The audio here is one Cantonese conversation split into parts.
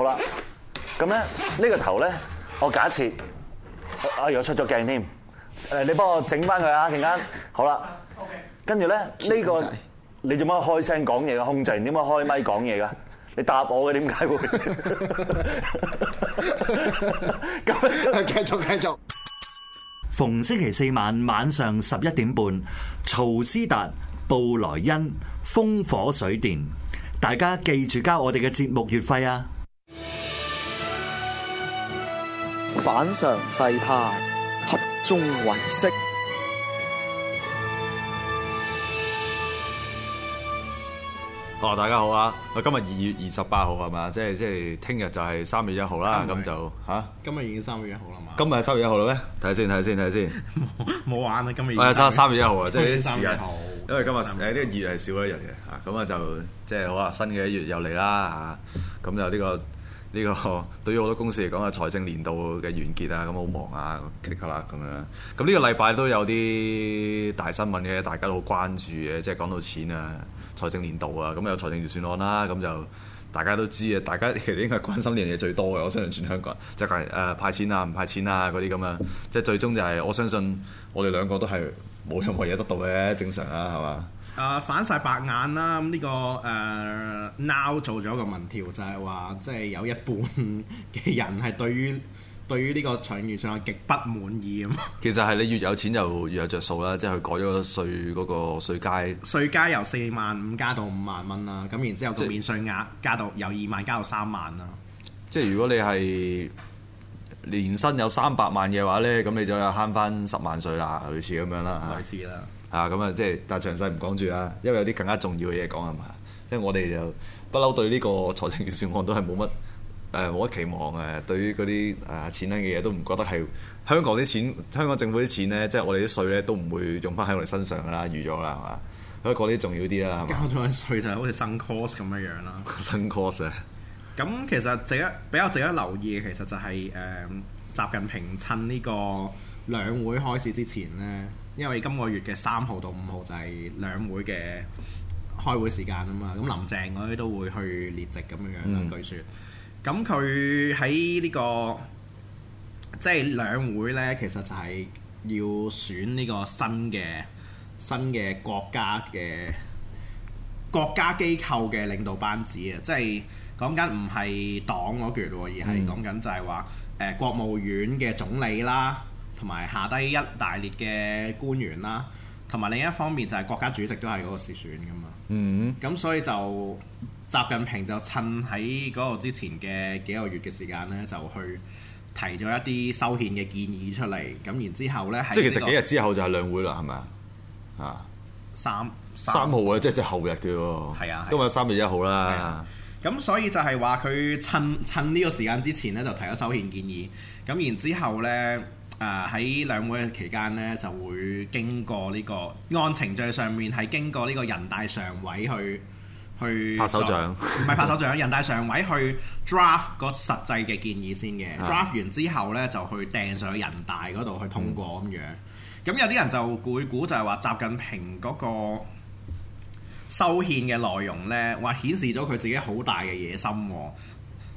好啦，咁咧呢個頭咧，我假設阿若出咗鏡添，誒，你幫我整翻佢啊，陣間好啦，OK，跟住咧呢、呢個你做乜開聲講嘢嘅？控制，你做乜開咪講嘢噶？你，你答我嘅，點解會？咁繼續繼續。繼續逢星期四晚晚上十一點半，曹思達、布萊恩、風火水電，大家記住交我哋嘅節目月費啊！反常世態，合眾唯識。好啊，大家好啊！我今日二月二十八號係嘛？即係即係，聽日就係三月一號啦。咁就吓，今日已經三月一號啦嘛？今日係三月一號咩？睇先睇先睇先，冇玩啦！今日三三月一號啊，即係啲時間，因為今日誒呢個月係少咗一日嘅吓。咁啊就即係好啊，新嘅一月又嚟啦吓。咁就呢個。呢個對於好多公司嚟講啊，財政年度嘅完結啊，咁好忙啊，即刻啦咁樣。咁呢個禮拜都有啲大新聞嘅，大家都好關注嘅，即係講到錢啊，財政年度啊，咁有財政預算案啦，咁就大家都知啊，大家其實應該關心呢樣嘢最多嘅，我相信全香港，即係誒派錢啊，唔派錢啊嗰啲咁樣，即係最終就係、是、我相信我哋兩個都係冇任何嘢得到嘅，正常啊，係嘛？誒、呃、反晒白眼啦！呢、這個誒、呃、NOW 做咗個民調，就係話即係有一半嘅人係對於對於呢個財政上算極不滿意咁。其實係你越有錢就越有着數啦，即係佢改咗稅嗰、那個稅階，稅階由四萬五加到五萬蚊啦。咁然之後個免稅額加到由即二萬加到三萬啦。即係如果你係年薪有三百萬嘅話咧，咁你就有慳翻十萬稅啦，類似咁樣啦，類似啦。啊，咁啊，即係，但係詳細唔講住啦，因為有啲更加重要嘅嘢講係嘛。即係我哋就不嬲對呢個財政預算案都係冇乜誒，冇、呃、乜期望嘅。對於嗰啲啊錢銀嘅嘢都唔覺得係香港啲錢，香港政府啲錢咧，即係我哋啲稅咧都唔會用翻喺我哋身上噶啦，預咗啦，係嘛？不過嗰啲重要啲啦，交咗稅就係好似新 course 咁樣樣啦。新 course 啊，咁其實值得比較值得留意嘅，其實就係、是、誒、呃、習近平趁呢個兩會開始之前咧。因為今個月嘅三號到五號就係兩會嘅開會時間啊嘛，咁林鄭嗰啲都會去列席咁樣樣啦，嗯、據說。咁佢喺呢個即係、就是、兩會呢，其實就係要選呢個新嘅新嘅國家嘅國家機構嘅領導班子啊，即係講緊唔係黨嗰權，嗯、而係講緊就係話誒國務院嘅總理啦。同埋下低一大列嘅官員啦，同埋另一方面就係國家主席都係嗰個時選選噶嘛。嗯哼，咁所以就習近平就趁喺嗰個之前嘅幾個月嘅時間呢，就去提咗一啲修憲嘅建議出嚟。咁然之後呢，即係其實幾日之後就係兩會啦，係咪啊？三三號啊，即係即後日嘅喎。係啊，今日三月一號啦。咁、啊啊、所以就係話佢趁趁呢個時間之前呢，就提咗修憲建議。咁然之後呢。誒喺、uh, 兩會期間呢，就會經過呢個按程序上面係經過呢個人大常委去去拍手，拍手掌，唔係拍手掌，人大常委去 draft 個實際嘅建議先嘅的，draft 完之後呢，就去掟上人大嗰度去通過咁樣。咁、嗯、有啲人就估估就係話習近平嗰個修憲嘅內容呢，話顯示咗佢自己好大嘅野心、哦，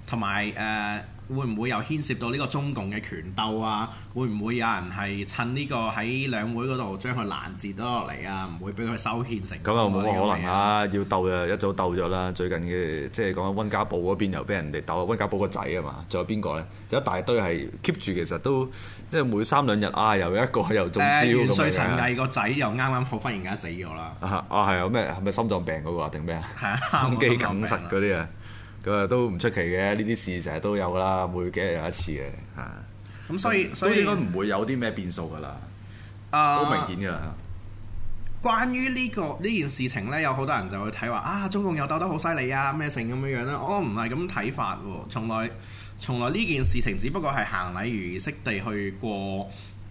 同埋誒。Uh, 會唔會又牽涉到呢個中共嘅權鬥啊？會唔會有人係趁呢個喺兩會嗰度將佢攔截咗落嚟啊？唔會俾佢收編成咁又冇乜可能啊！要鬥啊，一早鬥咗啦。最近嘅即係講温家寶嗰邊又俾人哋鬥，温家寶個仔啊嘛。仲有邊個咧？就一大堆係 keep 住，其實都即係每三兩日啊，又有一個又中招咁樣。誒、呃，元帥陳毅個仔又啱啱好忽然間死咗啦。啊啊，係啊咩？係咪心臟病嗰個定咩啊？ 心肌梗塞嗰啲啊？ 都唔出奇嘅，呢啲事成日都有噶啦，每幾日有一次嘅嚇。咁、嗯、所以，所以應該唔會有啲咩變數噶啦。啊、呃，都明顯嘅。關於呢、這個呢件、這個、事情呢，有好多人就會睇話啊，中共又鬥得好犀利啊，咩成咁樣、哦、樣咧？我唔係咁睇法喎。從來從來呢件事情，只不過係行禮如儀地去過，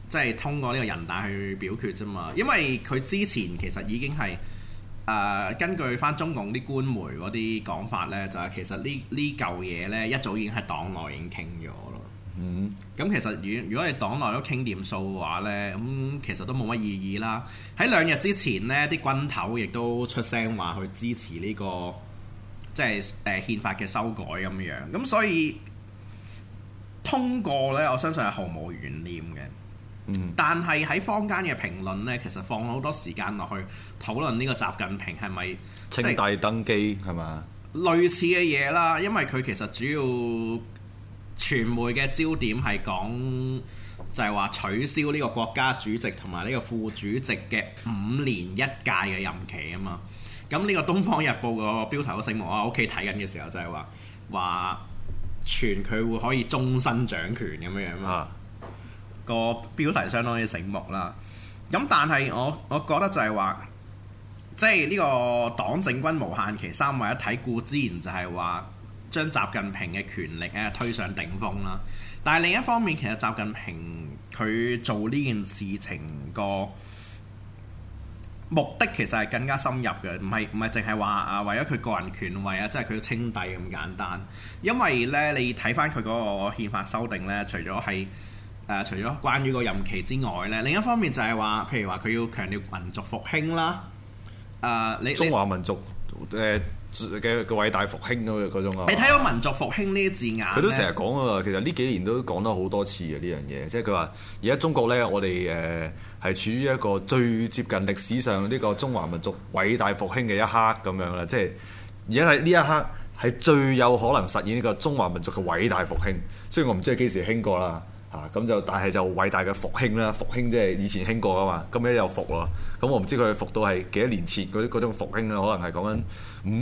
即、就、係、是、通過呢個人大去表決啫嘛。因為佢之前其實已經係。誒、呃，根據翻中共啲官媒嗰啲講法呢，就係、是、其實呢呢嚿嘢呢一早已經喺黨內已經傾咗咯。嗯，咁其實如如果係黨內都傾掂數嘅話呢，咁其實都冇乜意義啦。喺兩日之前呢，啲軍頭亦都出聲話去支持呢、這個即係誒憲法嘅修改咁樣，咁、嗯、所以通過呢，我相信係毫無懸念嘅。但係喺坊間嘅評論呢，其實放好多時間落去討論呢個習近平係咪稱帝登基係嘛？類似嘅嘢啦，因為佢其實主要傳媒嘅焦點係講就係話取消呢個國家主席同埋呢個副主席嘅五年一屆嘅任期啊嘛。咁呢個《東方日報》個標題好醒目啊！我喺屋企睇緊嘅時候就係話話傳佢會可以終身掌權咁樣樣啊。個標題相當之醒目啦。咁但係我我覺得就係話，即係呢個黨政軍無限期三位一體，固之然就係話將習近平嘅權力咧推上頂峰啦。但係另一方面，其實習近平佢做呢件事情個目的其實係更加深入嘅，唔係唔係淨係話啊為咗佢個人權位，啊，即係佢要稱帝咁簡單。因為咧，你睇翻佢嗰個憲法修訂咧，除咗係。啊、除咗關於個任期之外咧，另一方面就係話，譬如話佢要強調民族復興啦。誒、呃，你，你中華民族誒嘅嘅偉大復興嗰種啊，你睇到民族復興呢啲字眼，佢都成日講啊。其實呢幾年都講得好多次啊。呢樣嘢，即係佢話而家中國咧，我哋誒係處於一個最接近歷史上呢個中華民族偉大復興嘅一刻咁樣啦。即係而家喺呢一刻係最有可能實現呢個中華民族嘅偉大復興。雖然我唔知係幾時興過啦。啊，咁就但係就偉大嘅復興啦！復興即係以前興過啊嘛，咁咧又復咯。咁、嗯、我唔知佢復到係幾多年前嗰啲嗰種復興啦、啊，可能係講緊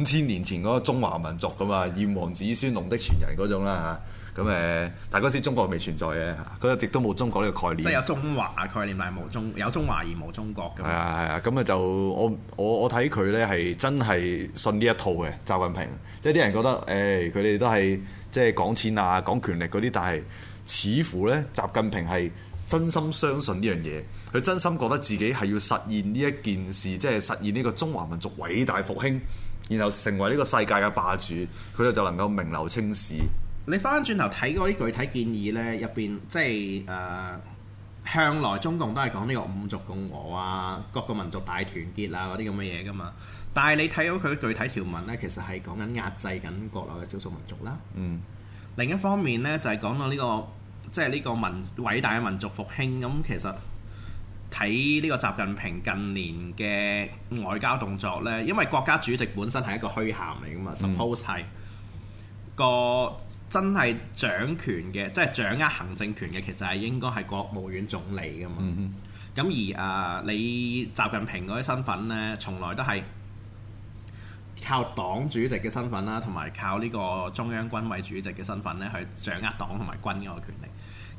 五千年前嗰個中華民族噶嘛，炎黃子孫龍的傳人嗰種啦嚇。咁、啊、誒，但嗰時中國未存在嘅，佢一直都冇中國呢個概念。即係有中華概念，但係冇中，有中華而冇中國。係啊係啊，咁啊就我我我睇佢咧係真係信呢一套嘅習近平，即係啲人覺得誒佢哋都係即係講錢啊講權力嗰啲，但係。似乎呢，習近平係真心相信呢樣嘢，佢真心覺得自己係要實現呢一件事，即係實現呢個中華民族偉大復興，然後成為呢個世界嘅霸主，佢哋就能夠名留青史。你翻轉頭睇嗰啲具體建議呢，入邊即係誒、呃、向來中共都係講呢個五族共和啊，各個民族大團結啊嗰啲咁嘅嘢噶嘛，但係你睇到佢具體條文呢，其實係講緊壓制緊國內嘅少數民族啦。嗯。另一方面咧，就係、是、講到呢、這個即係呢個民偉大嘅民族復興咁，其實睇呢個習近平近年嘅外交動作咧，因為國家主席本身係一個虛銜嚟噶嘛，suppose、嗯、係個真係掌權嘅，即係掌握行政權嘅，其實係應該係國務院總理噶嘛。咁、嗯嗯、而啊，你習近平嗰啲身份咧，從來都係。靠黨主席嘅身份啦，同埋靠呢個中央軍委主席嘅身份咧，去掌握黨同埋軍嗰個權力。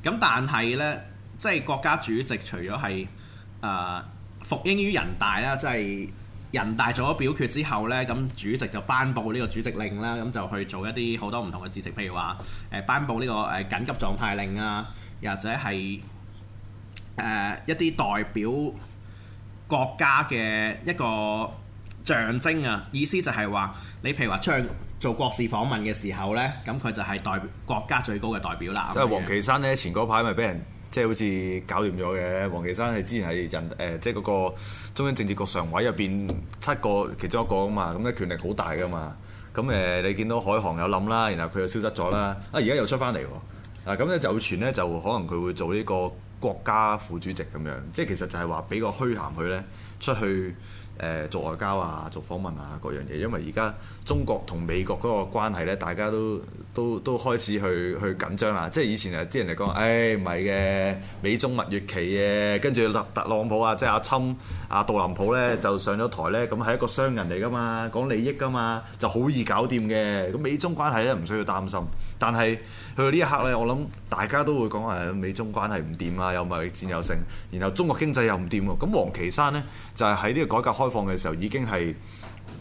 咁但係呢，即係國家主席除咗係誒服膺於人大啦，即係人大做咗表決之後呢，咁主席就頒布呢個主席令啦，咁就去做一啲好多唔同嘅事情，譬如話誒頒布呢個誒緊急狀態令啊，或者係誒一啲代表國家嘅一個。象徵啊！意思就係話你，譬如話出去做國事訪問嘅時候呢，咁佢就係代表國家最高嘅代表啦。即係王岐山呢，前嗰排咪俾人即係、就是、好似搞掂咗嘅。王岐山係之前係人誒，即係嗰個中央政治局常委入邊七個其中一個啊嘛，咁咧權力好大噶嘛。咁誒、呃，你見到海航有冧啦，然後佢又消失咗啦，啊而家又出翻嚟喎。啊咁咧就傳呢，就可能佢會做呢個國家副主席咁樣，即係其實就係話俾個虛銜佢呢出去。出去誒做外交啊，做訪問啊，各樣嘢，因為而家中國同美國嗰個關係咧，大家都都都開始去去緊張啦。即係以前啊，啲人嚟講，誒唔係嘅，美中蜜月期嘅、啊。跟住特特朗普啊，即係阿侵阿、啊、杜林普呢，就上咗台呢，咁係一個商人嚟噶嘛，講利益噶嘛，就好易搞掂嘅。咁美中關係呢，唔需要擔心。但係去到呢一刻呢，我諗大家都會講話，美中關係唔掂啊，有貿易戰又勝，然後中國經濟又唔掂喎。咁王岐山呢，就係喺呢個改革開放嘅時候已經係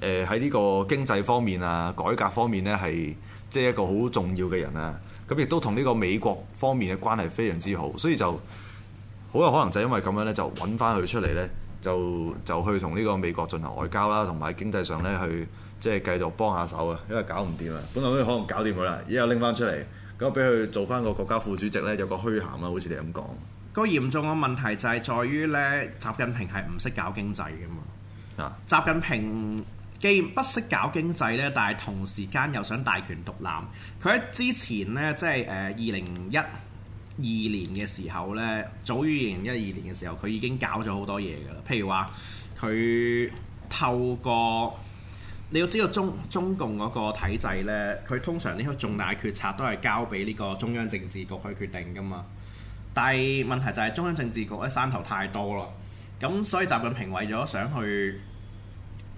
誒喺呢個經濟方面啊，改革方面呢係即係一個好重要嘅人啊。咁亦都同呢個美國方面嘅關係非常之好，所以就好有可能就因為咁樣呢，就揾翻佢出嚟呢，就就去同呢個美國進行外交啦，同埋經濟上呢去即係繼續幫下手啊。因為搞唔掂啊，本來都可能搞掂佢啦，而家拎翻出嚟咁，俾佢做翻個國家副主席呢，有個虛銜啊。好似你咁講，個嚴重嘅問題就係在於呢，習近平係唔識搞經濟噶嘛。習近平既唔識搞經濟咧，但係同時間又想大權獨攬。佢喺之前咧，即係誒二零一二年嘅時候咧，早於二零一二年嘅時候，佢已經搞咗好多嘢㗎啦。譬如話，佢透過你要知道中中共嗰個體制咧，佢通常呢個重大決策都係交俾呢個中央政治局去決定㗎嘛。但係問題就係中央政治局咧山頭太多啦，咁所以習近平為咗想去，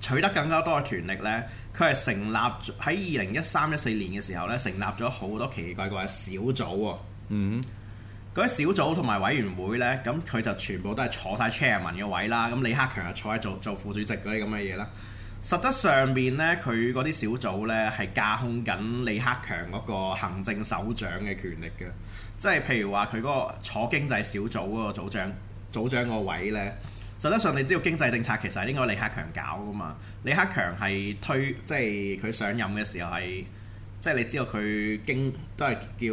取得更加多嘅權力呢，佢係成立喺二零一三一四年嘅時候呢，成立咗好多奇奇怪怪嘅小組喎。嗯哼，嗰啲小組同埋委員會呢，咁佢就全部都係坐晒 chairman 嘅位啦。咁李克強就坐喺做做副主席嗰啲咁嘅嘢啦。實質上面呢，佢嗰啲小組呢係架空緊李克強嗰個行政首長嘅權力嘅，即係譬如話佢嗰個坐經濟小組嗰個組長、組長個位呢。實質上，你知道經濟政策其實係應該李克強搞㗎嘛？李克強係推，即係佢上任嘅時候係即係你知道佢經都係叫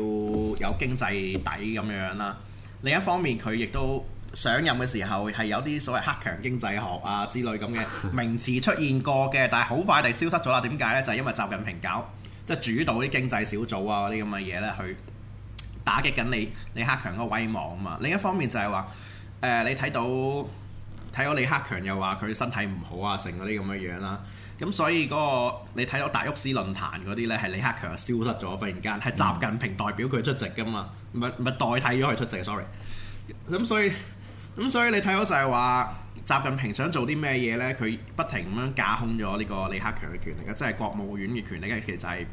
有經濟底咁樣啦。另一方面，佢亦都上任嘅時候係有啲所謂克強經濟學啊之類咁嘅名詞出現過嘅，但係好快地消失咗啦。點解呢？就係、是、因為習近平搞即係、就是、主導啲經濟小組啊嗰啲咁嘅嘢呢，去打擊緊李李克強個威望啊嘛。另一方面就係話誒，你睇到。睇到李克強又話佢身體唔好啊，成嗰啲咁嘅樣啦。咁所以嗰個你睇到達沃斯論壇嗰啲呢，係李克強消失咗，忽然間係習近平代表佢出席㗎嘛，咪咪代替咗佢出席。sorry。咁所以咁所以你睇到就係話習近平想做啲咩嘢呢？佢不停咁樣架空咗呢個李克強嘅權力嘅，即係國務院嘅權力咧，其實係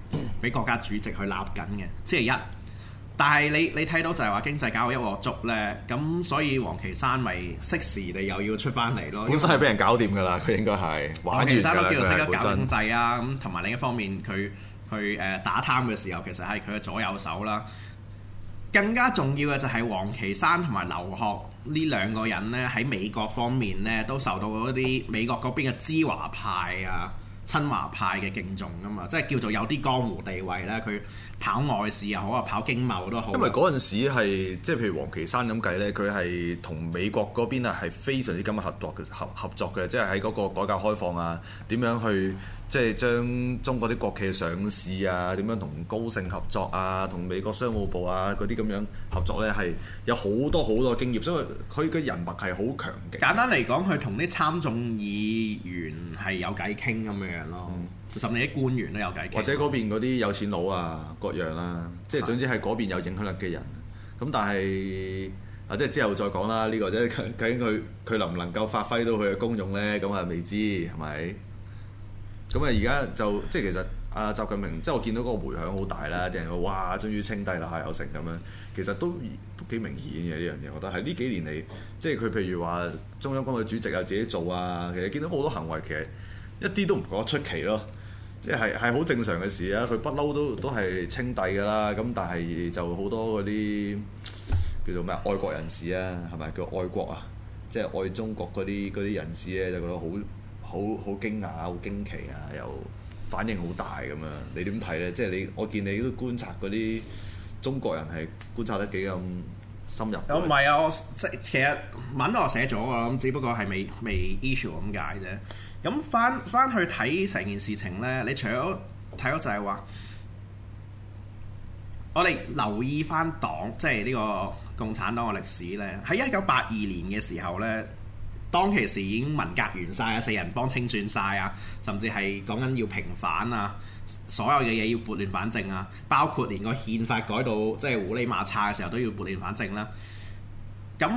俾國家主席去立緊嘅。星期一。但係你你睇到就係話經濟搞到一鑊粥呢。咁所以王岐山咪適時地又要出翻嚟咯。王岐山係俾人搞掂㗎啦，佢應該係。王、哦、岐山都叫做識得搞經濟啊，咁同埋另一方面佢佢誒打貪嘅時候，其實係佢嘅左右手啦。更加重要嘅就係王岐山同埋劉鶴呢兩個人呢，喺美國方面呢都受到嗰啲美國嗰邊嘅知華派啊。親華派嘅敬重㗎嘛，即係叫做有啲江湖地位咧。佢跑外事又好啊，跑經貿都好。因為嗰陣時係即係譬如王岐山咁計咧，佢係同美國嗰邊啊係非常之緊密合作嘅合合作嘅，即係喺嗰個改革開放啊，點樣去，嗯即係將中國啲國企嘅上市啊，點樣同高盛合作啊，同美國商務部啊嗰啲咁樣合作呢，係有好多好多經驗，所以佢嘅人脈係好強嘅。簡單嚟講，佢同啲參眾議員係有偈傾咁樣樣咯，嗯、甚至啲官員都有偈傾。或者嗰邊嗰啲有錢佬啊，嗯、各樣啦、啊，即係總之係嗰邊有影響力嘅人。咁但係啊，即係之後再講啦。呢、呢個即係究竟佢佢能唔能夠發揮到佢嘅功用呢？咁啊未知係咪？咁啊，而家就即係其實阿習近平即係我見到嗰個迴響好大啦，啲人話哇，終於稱帝啦，有成咁樣，其實都都幾明顯嘅呢樣嘢，我覺得係呢幾年嚟，即係佢譬如話中央軍委主席又自己做啊，其實見到好多行為，其實一啲都唔覺得出奇咯，即係係好正常嘅事啊，佢不嬲都都係稱帝噶啦，咁但係就好多嗰啲叫做咩啊，愛國人士啊，係咪叫愛國啊，即係愛中國嗰啲嗰啲人士咧，就覺得好。好好驚訝，好驚奇啊！又反應好大咁樣，你點睇咧？即係你，我見你都觀察嗰啲中國人係觀察得幾咁深入，哦。唔係啊，我其實文我寫咗啊，咁只不過係未未 issue 咁解啫。咁翻翻去睇成件事情咧，你除咗睇咗就係話，我哋留意翻黨，即係呢個共產黨嘅歷史咧。喺一九八二年嘅時候咧。當其時已經文革完晒，啊，四人幫清算晒，啊，甚至係講緊要平反啊，所有嘅嘢要撥亂反正啊，包括連個憲法改到即係胡里馬叉嘅時候都要撥亂反正啦。咁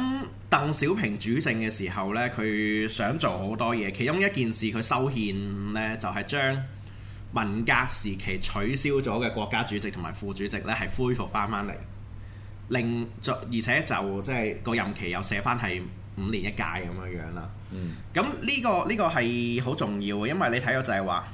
鄧小平主政嘅時候呢，佢想做好多嘢，其中一件事佢修憲呢，就係、是、將文革時期取消咗嘅國家主席同埋副主席呢，係恢復翻返嚟，令而且就即係個任期又寫返係。五年一屆咁樣樣啦，咁呢、嗯呢個呢、呢個係好重要嘅，因為你睇到就係話，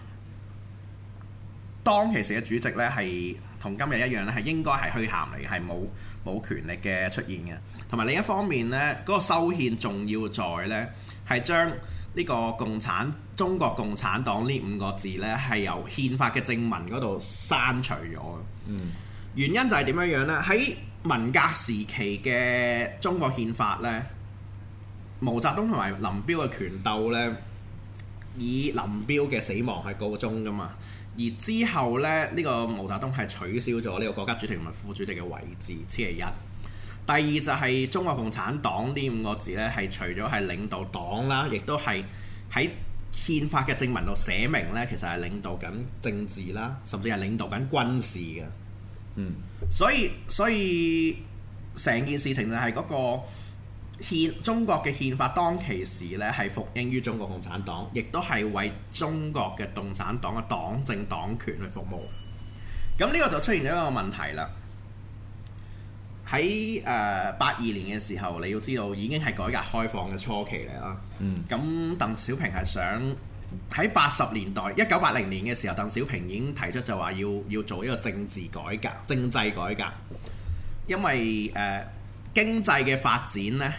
當其時嘅主席呢係同今日一樣呢係應該係虛銜嚟嘅，係冇冇權力嘅出現嘅。同埋另一方面呢，嗰、嗰個修憲重要在呢係將呢個共產中國共產黨呢五個字呢係由憲法嘅正文嗰度刪除咗、嗯、原因就係點樣樣呢？喺文革時期嘅中國憲法呢。毛澤東同埋林彪嘅權鬥呢，以林彪嘅死亡係告終噶嘛？而之後呢，呢、呢個毛澤東係取消咗呢個國家主席同埋副主席嘅位置，先係一。第二就係中國共產黨呢五個字呢，係除咗係領導黨啦，亦都係喺憲法嘅正文度寫明呢，其實係領導緊政治啦，甚至係領導緊軍事嘅。嗯，所以所以成件事情就係嗰、那個。憲中國嘅憲法當其時咧係服膺於中國共產黨，亦都係為中國嘅共產黨嘅黨政黨權去服務。咁呢個就出現咗一個問題啦。喺誒八二年嘅時候，你要知道已經係改革開放嘅初期嚟啊。嗯。咁鄧小平係想喺八十年代，一九八零年嘅時候，鄧小平已經提出就話要要做一個政治改革、政制改革，因為誒、呃、經濟嘅發展呢。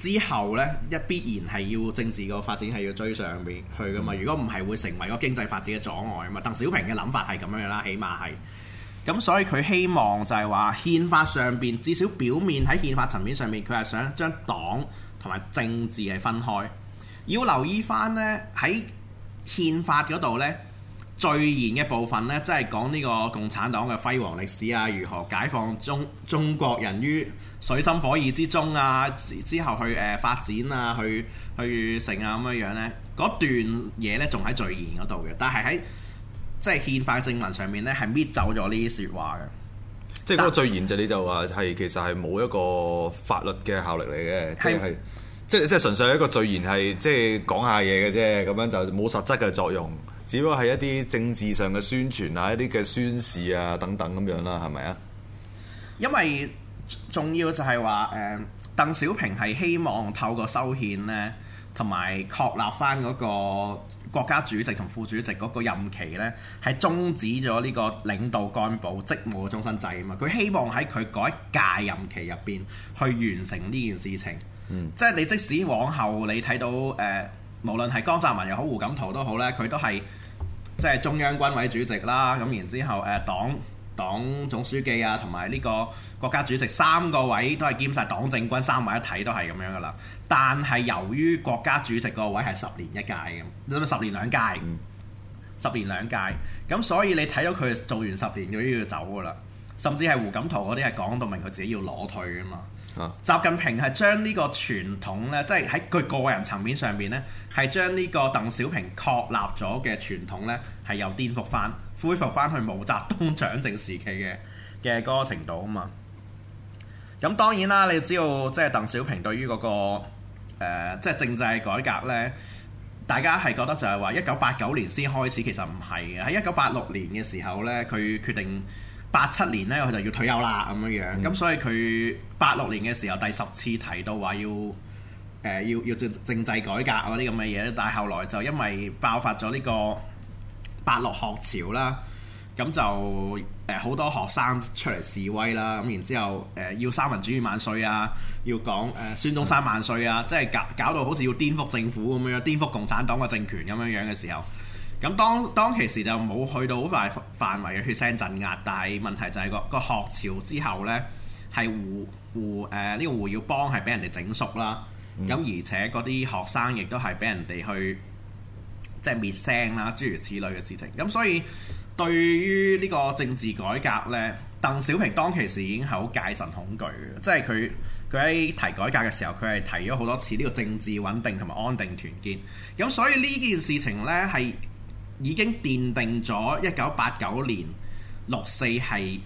之後呢，一必然係要政治個發展係要追上面去噶嘛？嗯、如果唔係，會成為個經濟發展嘅阻礙啊嘛！鄧小平嘅諗法係咁樣樣啦，起碼係。咁所以佢希望就係話，憲法上邊至少表面喺憲法層面上面，佢係想將黨同埋政治係分開。要留意翻呢，喺憲法嗰度呢。序言嘅部分呢，即係講呢個共產黨嘅輝煌歷史啊，如何解放中中國人於水深火熱之中啊，之之後去誒、呃、發展啊，去去成啊咁樣樣呢，嗰段嘢呢，仲喺序言嗰度嘅，但係喺即係憲法正文上面呢，係搣走咗呢啲説話嘅。即係嗰個序言就你就話係其實係冇一個法律嘅效力嚟嘅，即係即係即係純粹一個序言係即係講下嘢嘅啫，咁樣就冇實質嘅作用。只不過係一啲政治上嘅宣傳啊，一啲嘅宣示啊，等等咁樣啦，係咪啊？因為重要就係話，誒，鄧小平係希望透過修憲呢，同埋確立翻嗰個國家主席同副主席嗰個任期呢，係終止咗呢個領導幹部職務嘅終身制啊嘛。佢希望喺佢嗰一屆任期入邊去完成呢件事情。嗯，即係你即使往後你睇到誒、呃無論係江澤民又好胡錦濤都好咧，佢都係即係中央軍委主席啦，咁然之後誒、呃、黨黨總書記啊，同埋呢個國家主席三個位都係兼晒黨政軍三位一體都係咁樣噶啦。但係由於國家主席個位係十年一屆咁，十年兩屆？十年兩屆，咁所以你睇到佢做完十年，佢都要走噶啦。甚至係胡錦濤嗰啲係講到明佢自己要裸退噶嘛。啊！習近平係將呢個傳統呢，即係喺佢個人層面上面，呢係將呢個鄧小平確立咗嘅傳統呢係又顛覆翻、恢復翻去毛澤東掌政時期嘅嘅嗰個程度啊嘛。咁當然啦，你知道即係、就是、鄧小平對於嗰、那個即係、呃就是、政制改革呢，大家係覺得就係話一九八九年先開始，其實唔係嘅。喺一九八六年嘅時候呢，佢決定。八七年咧，佢就要退休啦，咁樣樣，咁所以佢八六年嘅時候第十次提到話要誒、呃、要要政政制改革嗰啲咁嘅嘢，但係後來就因為爆發咗呢個八六學潮啦，咁就誒好、呃、多學生出嚟示威啦，咁然之後誒、呃、要三民主義萬歲啊，要講誒孫中山萬歲啊，的即係搞搞到好似要顛覆政府咁樣樣，顛覆共產黨嘅政權咁樣樣嘅時候。咁當當其時就冇去到好大範圍嘅血腥鎮壓，但係問題就係個個學潮之後呢，係胡胡誒呢個胡耀邦係俾人哋整肅啦。咁、嗯、而且嗰啲學生亦都係俾人哋去即係、就是、滅聲啦，諸如此類嘅事情。咁所以對於呢個政治改革呢，鄧小平當其時已經係好戒慎恐懼嘅，即係佢佢喺提改革嘅時候，佢係提咗好多次呢個政治穩定同埋安定團結。咁所以呢件事情呢，係。已經奠定咗一九八九年六四係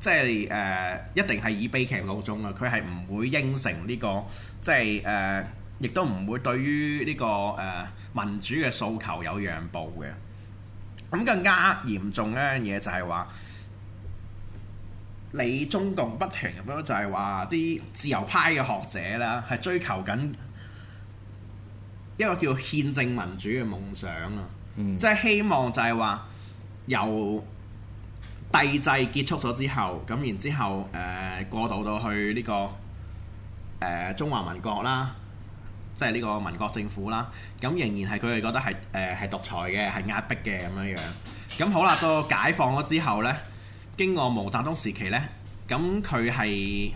即係誒，一定係以悲劇告終啊！佢係唔會應承、這、呢個，即係誒，亦都唔會對於呢、這個誒、呃、民主嘅訴求有讓步嘅。咁更加嚴重一樣嘢就係、是、話，你中共不停咁就係話啲自由派嘅學者啦，係追求緊一個叫憲政民主嘅夢想啊！嗯、即係希望就係話由帝制結束咗之後，咁然之後誒、呃、過渡到去呢、呢個誒、呃、中華民國啦，即係呢個民國政府啦。咁仍然係佢哋覺得係誒係獨裁嘅，係壓迫嘅咁樣樣。咁好啦，到解放咗之後呢，經過毛澤東時期呢，咁佢係。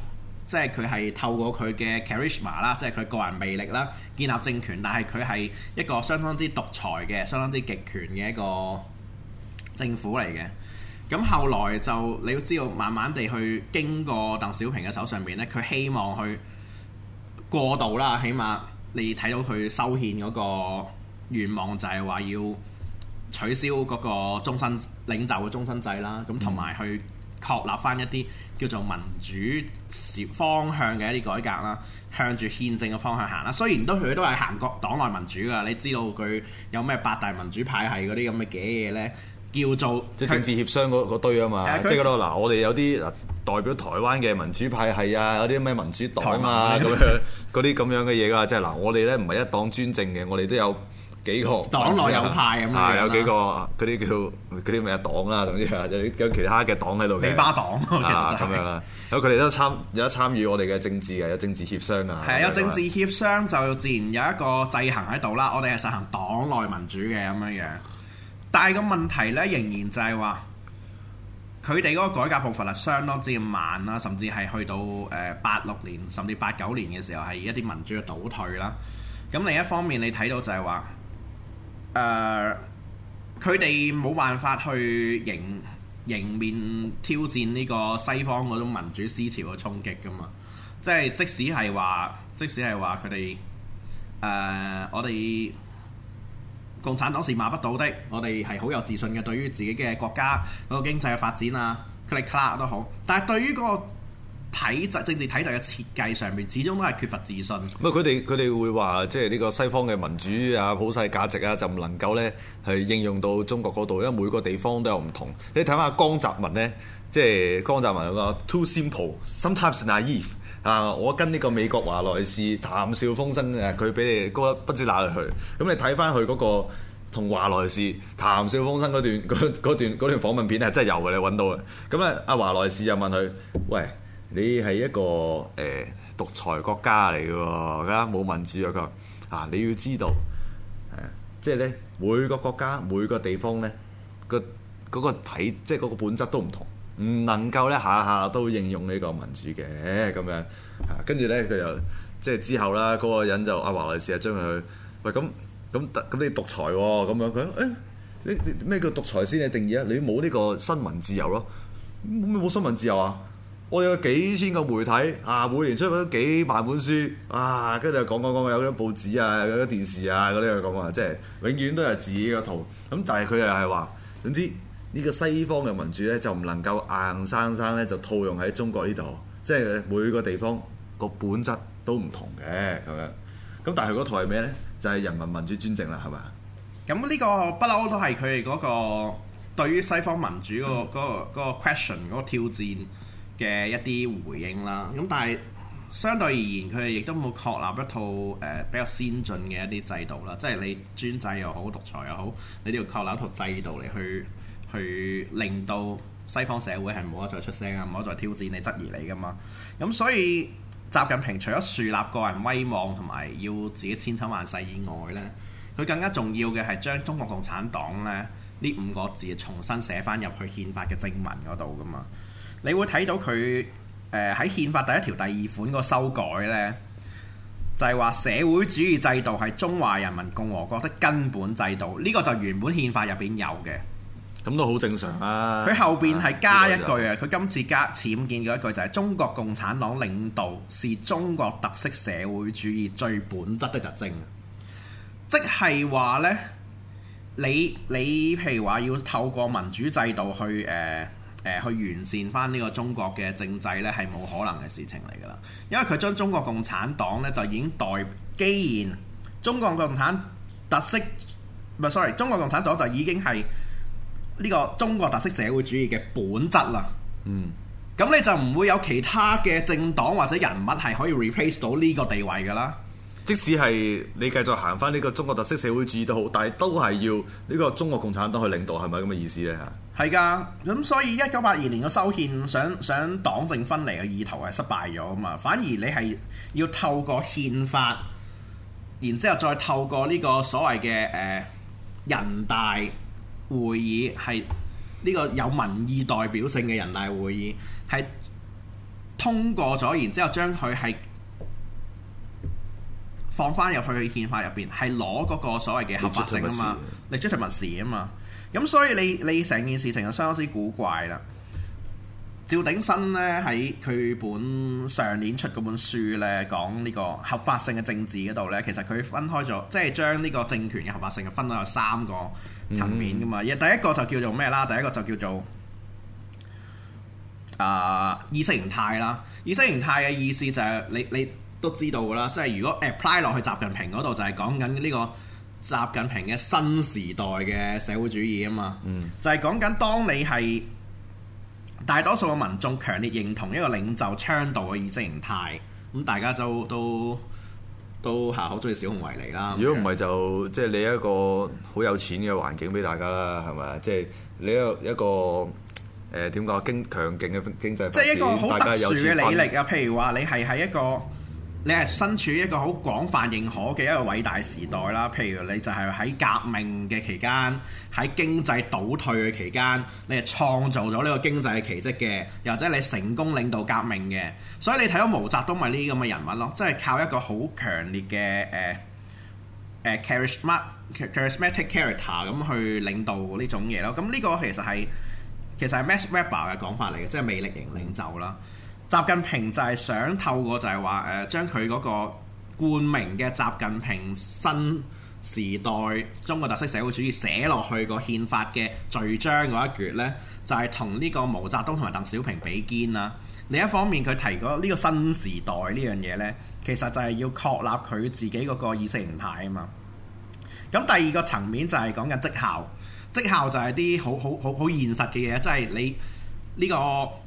即係佢係透過佢嘅 charisma 啦，即係佢個人魅力啦，建立政權。但係佢係一個相當之獨裁嘅、相當之極權嘅一個政府嚟嘅。咁後來就你要知道，慢慢地去經過鄧小平嘅手上邊咧，佢希望去過渡啦，起碼你睇到佢修憲嗰個願望就係話要取消嗰個終身領袖嘅終身制啦，咁同埋去，確立翻一啲叫做民主方向嘅一啲改革啦，向住憲政嘅方向行啦。雖然都佢都係行國黨內民主噶，你知道佢有咩八大民主派系嗰啲咁嘅嘅嘢咧，叫做即係政治協商嗰堆啊嘛，啊即係嗰度嗱，我哋有啲代表台灣嘅民主派系啊，有啲咩民主黨啊咁台灣 樣嗰啲咁樣嘅嘢噶，即係嗱，我哋咧唔係一黨專政嘅，我哋都有。幾個黨內有派咁啊，有幾個嗰啲叫啲咩黨啦，總之有其他嘅黨喺度。尾巴黨其實啊，咁樣啦。有佢哋都參有得參與我哋嘅政治嘅，有政治協商嘅。係啊、嗯，有政治協商就自然有一個制衡喺度啦。我哋係實行黨內民主嘅咁樣樣，但係個問題咧，仍然就係話佢哋嗰個改革步伐啊，相當之慢啦，甚至係去到誒八六年甚至八九年嘅時候係一啲民主嘅倒退啦。咁另一方面，你睇到就係話。誒，佢哋冇辦法去迎迎面挑戰呢個西方嗰種民主思潮嘅衝擊㗎嘛。即係即使係話，即使係話佢哋誒，我哋共產黨是馬不到的，我哋係好有自信嘅，對於自己嘅國家嗰個經濟嘅發展啊，佢哋卡都好，但係對於嗰、嗰個。體制政治體制嘅設計上面，始終都係缺乏自信。唔係佢哋佢哋會話，即係呢個西方嘅民主啊、普世價值啊，就唔能夠咧係應用到中國嗰度，因為每個地方都有唔同。你睇下江澤民咧，即係江澤民嗰個 too simple sometimes naive 啊！我跟呢個美國華萊士談笑風生啊，佢比你高得不知哪裏去、那個。咁你睇翻佢嗰個同華萊士談笑風生嗰段、段、段、段訪問片咧、啊，真係有嘅，你揾到嘅。咁、啊、咧，阿、啊、華萊士就問佢：喂！你係一個誒、欸、獨裁國家嚟嘅，家冇民主啊！佢啊，你要知道，誒，即係咧每個國家每個地方咧個嗰個體，即係嗰個本質都唔同，唔能夠咧下下都應用呢個民主嘅咁樣。嚇、啊，跟住咧佢又即係之後啦，嗰個人就阿、啊、華萊士啊，將佢喂，咁咁咁你獨裁喎、哦，咁樣佢誒、欸、你你咩叫獨裁先嘅定義啊？你冇呢個新聞自由咯，冇冇新聞自由啊？我有幾千個媒體啊，每年出咗幾萬本書啊，跟住講講講講有嗰啲報紙啊，有啲電視啊嗰啲去講講，即係永遠都係自己嗰套咁。但係佢又係話，總之呢、呢個西方嘅民主咧就唔能夠硬生生咧就套用喺中國呢度，即係每個地方個本質都唔同嘅咁樣。咁但係佢嗰套係咩咧？就係、係、人民民主專政啦，係咪？咁呢個不嬲都係佢哋嗰個對於西方民主、嗰個嗰、嗯、個嗰個 question 嗰個挑戰。嘅一啲回應啦，咁但係相對而言，佢哋亦都冇確立一套誒、呃、比較先進嘅一啲制度啦，即係你專制又好、獨裁又好，你都要確立一套制度嚟去去令到西方社會係冇得再出聲啊，冇得再挑戰你、質疑你㗎嘛。咁所以習近平除咗樹立個人威望同埋要自己千秋萬世以外呢，佢更加重要嘅係將中國共產黨呢呢五個字重新寫返入去憲法嘅正文嗰度㗎嘛。你會睇到佢誒喺憲法第一條第二款個修改呢，就係話社會主義制度係中華人民共和國的根本制度，呢個就原本憲法入邊有嘅。咁都好正常啊！佢後邊係加一句啊，佢今次加僭建嘅一句就係中國共產黨領導是中國特色社會主義最本質的特徵，即係話呢，你你譬如話要透過民主制度去誒。呃誒去完善翻呢個中國嘅政制呢，係冇可能嘅事情嚟㗎啦，因為佢將中國共產黨呢，就已經代，既然中國共產特色唔係 sorry，中國共產黨就已經係呢個中國特色社會主義嘅本質啦。嗯，咁你就唔會有其他嘅政黨或者人物係可以 replace 到呢個地位㗎啦。即使係你繼續行翻呢個中國特色社會主義都好，但係都係要呢個中國共產黨去領導，係咪咁嘅意思呢？嚇，係㗎。咁所以一九八二年嘅修憲，想想黨政分離嘅意圖係失敗咗啊嘛。反而你係要透過憲法，然之後再透過呢個所謂嘅誒人大會議，係呢個有民意代表性嘅人大會議，係通過咗，然之後將佢係。放翻入去憲法入邊，係攞嗰個所謂嘅合法性啊嘛 legislative 啊嘛，咁所以你你成件事情就相當之古怪啦。趙鼎新咧喺佢本上年出嗰本書咧，講呢個合法性嘅政治嗰度咧，其實佢分開咗，即係將呢個政權嘅合法性分咗有三個層面噶嘛、嗯第。第一個就叫做咩啦？第一個就叫做啊意識形態啦。意識形態嘅意思就係你你。你你都知道㗎啦，即係如果 apply 落去習近平嗰度，就係、是、講緊呢個習近平嘅新時代嘅社會主義啊嘛。嗯、就係講緊，當你係大多數嘅民眾強烈認同一個領袖倡導嘅意識形態，咁大家就都都嚇好中意小紅維尼啦。如果唔係就即係、就是、你一個好有錢嘅環境俾大家啦，係咪？即係你一個、呃、一個誒點講，經強勁嘅經濟發展，即係一個好特殊嘅履歷啊。譬如話你係喺一個你係身處一個好廣泛認可嘅一個偉大時代啦，譬如你就係喺革命嘅期間，喺經濟倒退嘅期間，你係創造咗呢個經濟嘅奇蹟嘅，又或者你成功領導革命嘅，所以你睇到毛澤東咪呢啲咁嘅人物咯，即係靠一個好強烈嘅誒 charisma、呃啊、charismatic character 咁去領導呢種嘢咯。咁、嗯、呢、這個其實係其實係 Max Weber 嘅講法嚟嘅，即、就、係、是、魅力型領袖啦。習近平就係想透過就係話誒將佢嗰個冠名嘅習近平新時代中國特色社會主義寫落去個憲法嘅序章嗰一橛呢就係同呢個毛澤東同埋鄧小平比肩啊！另一方面，佢提過呢個新時代呢樣嘢呢，其實就係要確立佢自己嗰個意識形態啊嘛。咁第二個層面就係講緊績效，績效就係啲好好好好，好現實嘅嘢，即係你。呢個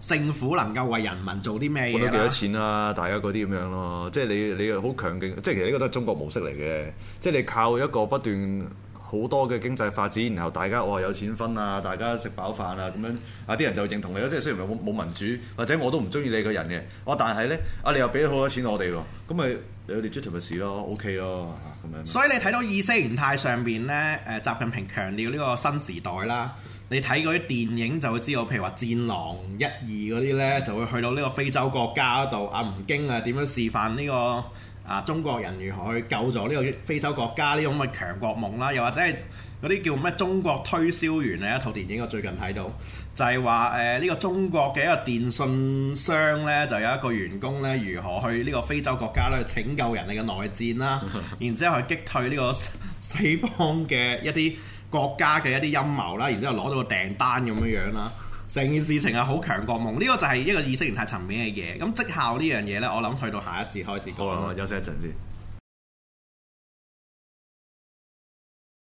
政府能夠為人民做啲咩嘢啊？攞到幾多錢啊？大家嗰啲咁樣咯，即係你你好強勁，即係其實呢個都係中國模式嚟嘅，即係你靠一個不斷好多嘅經濟發展，然後大家我、哦、有錢分啊，大家食飽飯啊咁樣，啊啲人就會認同你咯，即係雖然冇冇民主，或者我都唔中意你個人嘅，我但係咧啊你又俾咗好多錢我哋喎，咁咪有啲 justice 咯，OK 咯咁樣。所以你睇到意識形態上面咧，誒習近平強調呢個新時代啦。你睇嗰啲電影就會知道，譬如話《戰狼》一、二嗰啲呢，就會去到呢個非洲國家度。啊，吳京啊，點樣示範呢個啊中國人如何去救助呢個非洲國家呢種咁嘅強國夢啦？又或者係嗰啲叫咩《中國推銷員》啊？一套電影我最近睇到，就係話誒呢個中國嘅一個電信商呢，就有一個員工呢，如何去呢個非洲國家呢，去拯救人哋嘅內戰啦， 然之後去擊退呢個西方嘅一啲。國家嘅一啲陰謀啦，然之後攞到個訂單咁樣樣啦，成件事情係好強國夢，呢個就係一個意識形態層面嘅嘢。咁績效呢樣嘢呢，我諗去到下一節開始講。好啊，休息一陣先。